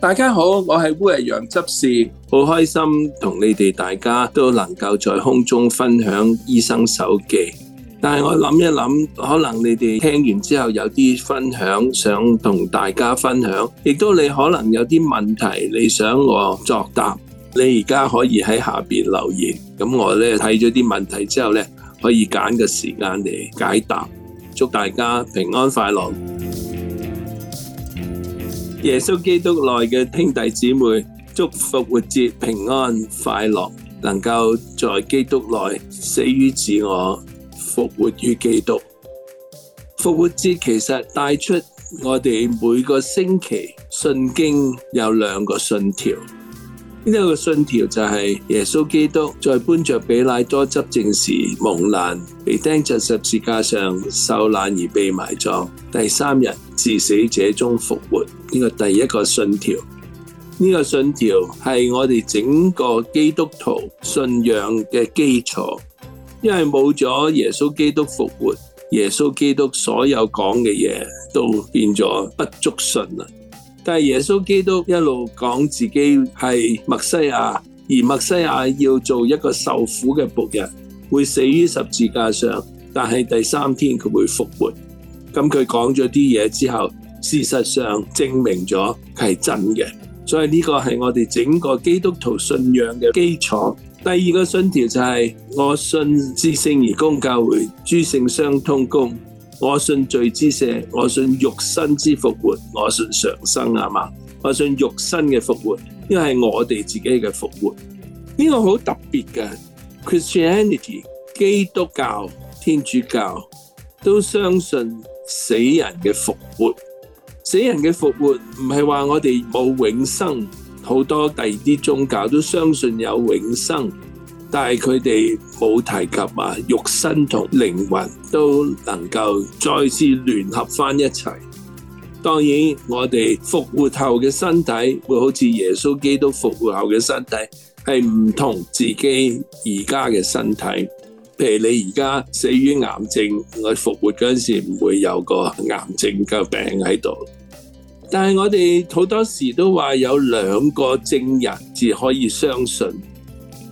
大家好，我係烏日陽執事，好開心同你哋大家都能夠在空中分享醫生手記。但係我諗一諗，可能你哋聽完之後有啲分享想同大家分享，亦都你可能有啲問題你想我作答，你而家可以喺下面留言。咁我咧睇咗啲問題之後咧，可以揀個時間嚟解答。祝大家平安快樂。耶穌基督內嘅兄弟姊妹，祝福復活節平安快樂，能夠在基督內死於自我，復活於基督。復活節其實帶出我哋每個星期信經有兩個信條。呢個信條就係耶穌基督在搬着比拉多執政時蒙難，被釘在十字架上受難而被埋葬，第三日自死者中復活。呢、這個第一個信條，呢、這個信條係我哋整個基督徒信仰嘅基礎，因為冇咗耶穌基督復活，耶穌基督所有講嘅嘢都變咗不足信啦。但耶穌基督一路講自己係墨西亞，而墨西亞要做一個受苦嘅僕人，會死於十字架上，但係第三天佢會復活。咁佢講咗啲嘢之後，事實上證明咗佢係真嘅。所以呢個係我哋整個基督徒信仰嘅基礎。第二個信條就係、是、我信至聖而公教會，諸聖相通公。我信罪之赦，我信肉身之復活，我信常生係嘛？我信肉身嘅復活，呢個係我哋自己嘅復活。呢、這個好特別嘅 Christianity 基督教天主教都相信死人嘅復活，死人嘅復活唔係話我哋冇永生，好多第二啲宗教都相信有永生。但係佢哋冇提及啊，肉身同靈魂都能夠再次聯合翻一齊。當然，我哋復活後嘅身體會好似耶穌基督復活後嘅身體，係唔同自己而家嘅身體。譬如你而家死於癌症，我復活嗰陣時唔會有個癌症嘅病喺度。但係我哋好多時都話有兩個證人至可以相信。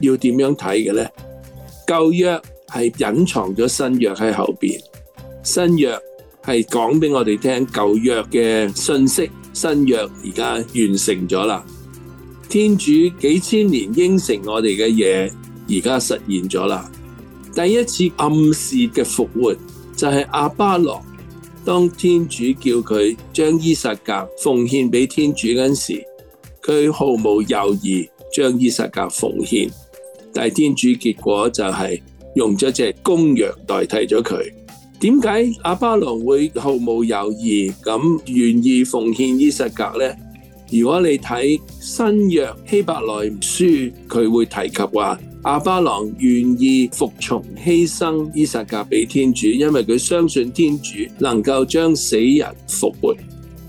要點樣睇嘅咧？舊約係隱藏咗新約喺後邊，新約係講俾我哋聽舊約嘅信息，新約而家完成咗啦。天主幾千年應承我哋嘅嘢，而家實現咗啦。第一次暗示嘅復活就係阿巴羅，當天主叫佢將伊撒格奉獻俾天主嗰時，佢毫無猶豫將伊撒格奉獻。但天主結果就係用咗隻公羊代替咗佢。點解阿巴郎會毫無猶豫咁願意奉獻伊撒格呢？如果你睇新約希伯來書，佢會提及話阿巴郎願意服從犧牲伊撒格俾天主，因為佢相信天主能夠將死人復活，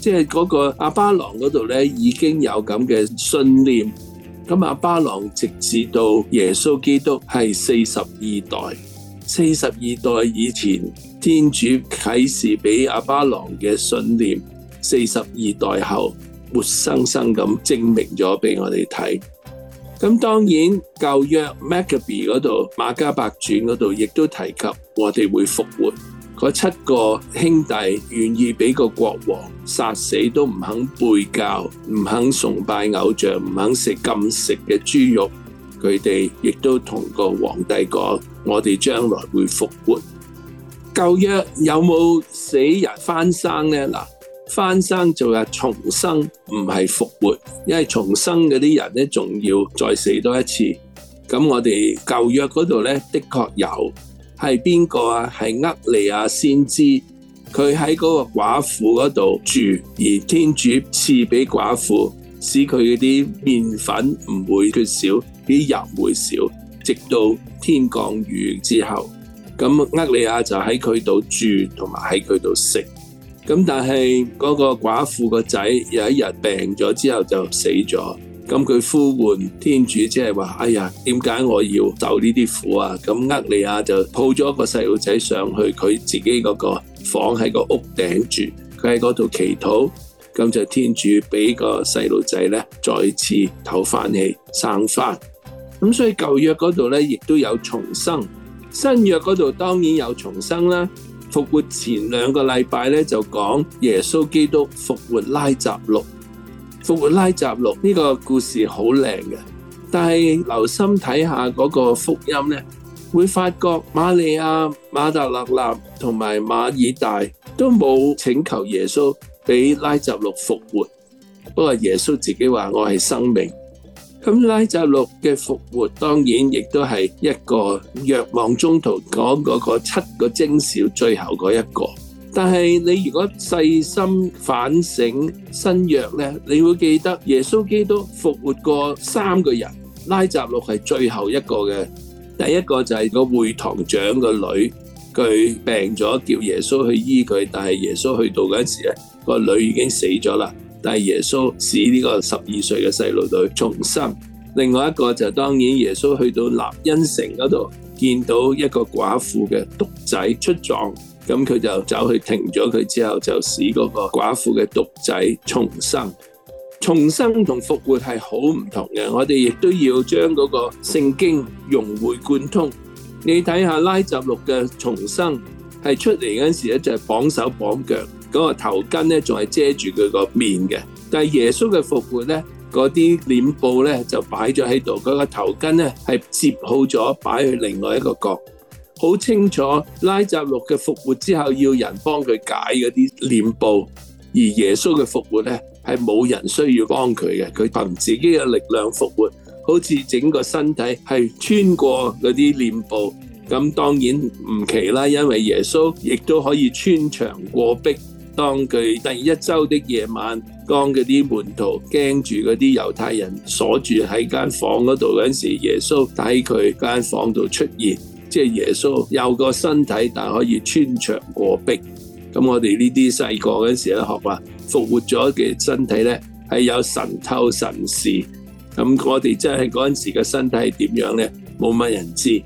即係嗰個阿巴郎嗰度咧已經有咁嘅信念。咁阿巴郎直至到耶穌基督係四十二代，四十二代以前天主啟示俾阿巴郎嘅信念，四十二代後活生生咁證明咗俾我哋睇。咁當然舊約 Maccabees 嗰度、馬加伯傳嗰度亦都提及我哋會復活。嗰七個兄弟願意俾個國王殺死都唔肯背教，唔肯崇拜偶像，唔肯食禁食嘅豬肉。佢哋亦都同個皇帝講：我哋將來會復活。舊約有冇死人翻生呢？嗱，翻生就係重生，唔係復活，因為重生嗰啲人呢，仲要再死多一次。咁我哋舊約嗰度呢，的確有。係邊個啊？係厄利亞先知，佢喺嗰個寡婦嗰度住，而天主賜俾寡婦，使佢嗰啲麵粉唔會缺少，啲油唔會少，直到天降雨之後，咁厄利亞就喺佢度住，同埋喺佢度食。咁但係嗰個寡婦個仔有一日病咗之後就死咗。咁佢呼喚天主，即係話：哎呀，點解我要受呢啲苦啊？咁厄利亞就抱咗一個細路仔上去，佢自己嗰個房喺個屋頂住，佢喺嗰度祈禱。咁就天主俾個細路仔咧再次唞翻氣、生翻。咁所以舊約嗰度咧，亦都有重生；新約嗰度當然有重生啦。復活前兩個禮拜咧就講耶穌基督復活拉匝祿。復活拉雜六呢個故事好靚嘅，但係留心睇下嗰個福音咧，會發覺瑪利亞、馬達勒納同埋馬爾大都冇請求耶穌俾拉雜六復活，不過耶穌自己話我係生命，咁拉雜六嘅復活當然亦都係一個若望中途講嗰個七個徵兆最後嗰一個。但係你如果細心反省新約咧，你會記得耶穌基督復活過三個人，拉匝祿係最後一個嘅，第一個就係個會堂長嘅女，佢病咗叫耶穌去醫佢，但係耶穌去到嗰陣時咧，個女已經死咗啦。但係耶穌使呢個十二歲嘅細路女重生。另外一個就當然耶穌去到納因城嗰度，見到一個寡婦嘅獨仔出葬。咁佢就走去停咗佢之後，就使嗰個寡婦嘅獨仔重生。重生同復活係好唔同嘅，我哋亦都要將嗰個聖經融會貫通。你睇下拉匝祿嘅重生係出嚟嗰時咧，就係綁手綁腳，嗰個頭巾咧仲係遮住佢個面嘅。但係耶穌嘅復活咧，嗰啲殮布咧就擺咗喺度，嗰個頭巾咧係接好咗擺去另外一個角。好清楚，拉扎祿嘅復活之後要人幫佢解嗰啲殮布，而耶穌嘅復活咧，係冇人需要幫佢嘅，佢憑自己嘅力量復活，好似整個身體係穿過嗰啲殮布。咁當然唔奇啦，因為耶穌亦都可以穿牆過壁。當佢第一周的夜晚，當嗰啲門徒驚住嗰啲猶太人鎖住喺間房嗰度嗰陣時，耶穌喺佢間房度出現。即係耶穌有個身體，但可以穿牆過壁。咁我哋呢啲細個嗰時咧學話復活咗嘅身體咧係有神偷神視。咁我哋真係嗰陣時嘅身體係點樣咧？冇乜人知道。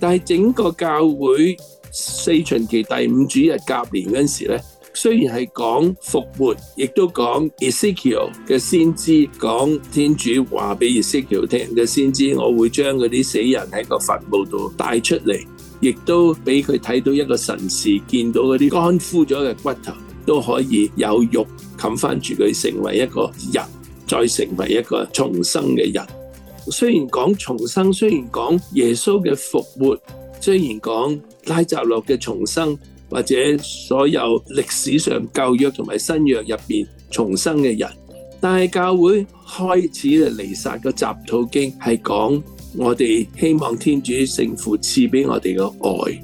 但係整個教會四旬期第五主日甲年嗰陣時咧。雖然係講復活，亦都講 Ezekiel 嘅先知，講天主話俾 Ezekiel 聽嘅先知，我會將嗰啲死人喺個墳墓度帶出嚟，亦都俾佢睇到一個神事，見到嗰啲乾枯咗嘅骨頭都可以有肉冚翻住佢，佢成為一個人，再成為一個重生嘅人。雖然講重生，雖然講耶穌嘅復活，雖然講拉匝祿嘅重生。或者所有歷史上舊約同埋新約入邊重生嘅人，但係教會開始嘅彌撒個集土經係講我哋希望天主聖父賜俾我哋嘅愛，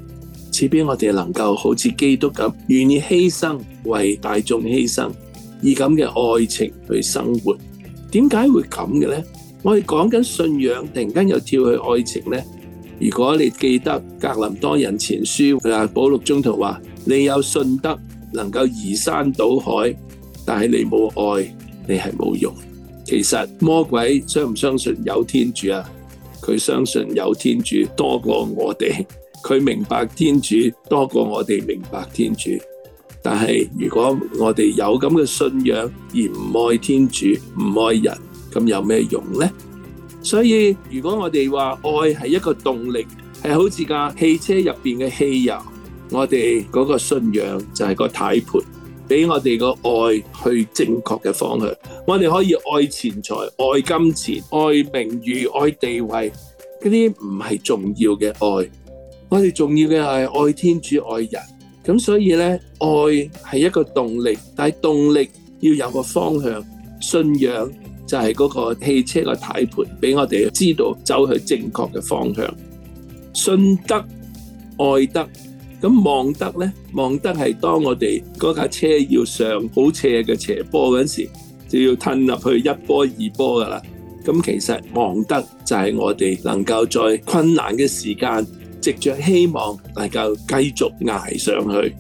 賜俾我哋能夠好似基督咁願意犧牲，為大眾犧牲，以咁嘅愛情去生活。點解會咁嘅呢？我哋講緊信仰，突然間又跳去愛情呢？如果你記得格林多人前書嗱，保祿宗徒話：你有信德能夠移山倒海，但係你冇愛，你係冇用。其實魔鬼相唔相信有天主啊？佢相信有天主多過我哋，佢明白天主多過我哋明白天主。但係如果我哋有咁嘅信仰而唔愛天主、唔愛人，咁有咩用呢？所以，如果我哋話愛係一個動力，係好似架汽車入面嘅汽油，我哋嗰個信仰就係個軚盤，俾我哋個愛去正確嘅方向。我哋可以愛錢財、愛金錢、愛名譽、愛地位嗰啲唔係重要嘅愛。我哋重要嘅係愛天主、愛人。咁所以呢，愛係一個動力，但係動力要有個方向，信仰。就係嗰個汽車個軚盤，俾我哋知道走去正確嘅方向。信德、愛德，咁望德呢？望德係當我哋嗰架車要上好斜嘅斜坡嗰陣時，就要吞入去一波二波噶啦。咁其實望德就係我哋能夠在困難嘅時間，藉着希望能夠繼續捱上去。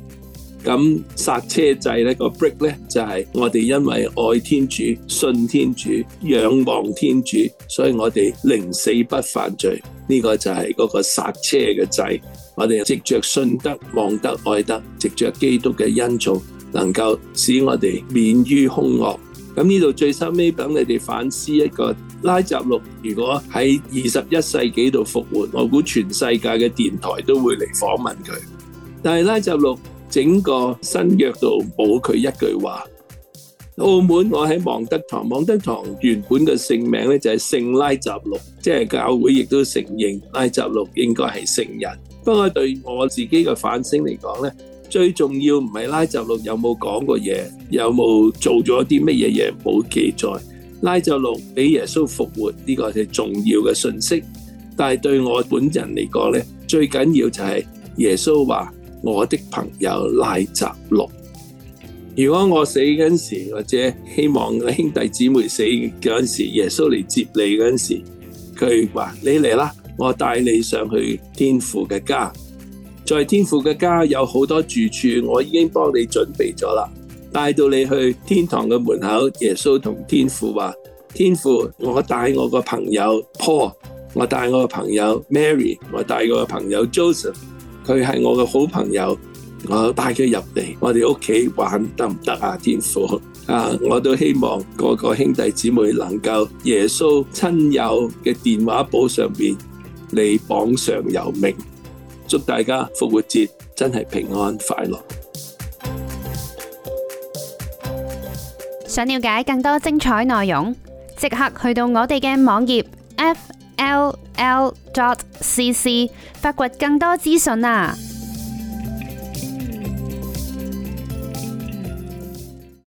咁剎車制呢個 break 呢，就係、是、我哋因為愛天主、信天主、仰望天主，所以我哋寧死不犯罪。呢、這個就係嗰個剎車嘅制。我哋藉着信德、望德、愛德、藉着基督嘅恩寵，能夠使我哋免於凶惡。咁呢度最收尾等你哋反思一個拉匝祿，如果喺二十一世紀度復活，我估全世界嘅電台都會嚟訪問佢。但係拉匝祿。整個新約度冇佢一句話。澳門我喺望德堂，望德堂原本嘅聖名咧就係聖拉匝祿，即係教會亦都承認拉匝祿應該係聖人。不過對我自己嘅反省嚟講咧，最重要唔係拉匝祿有冇講過嘢，有冇做咗啲乜嘢嘢，冇記載。拉匝祿俾耶穌復活呢個係重要嘅信息，但係對我本人嚟講咧，最緊要就係耶穌話。我的朋友拉澤洛，如果我死嗰陣時，或者希望兄弟姊妹死嗰陣時，耶穌嚟接你嗰陣時，佢話你嚟啦，我帶你上去天父嘅家。在天父嘅家有好多住處，我已經幫你準備咗啦，帶到你去天堂嘅門口。耶穌同天父話：天父，我帶我個朋友 Paul，我帶我個朋友 Mary，我帶我個朋友 Joseph。佢係我嘅好朋友，我帶佢入嚟，我哋屋企玩得唔得啊？天父啊！我都希望個個兄弟姊妹能夠耶穌親友嘅電話簿上面你榜上有名。祝大家復活節真係平安快樂！想了解更多精彩內容，即刻去到我哋嘅網頁 F L L dot cc，發掘更多資訊啊。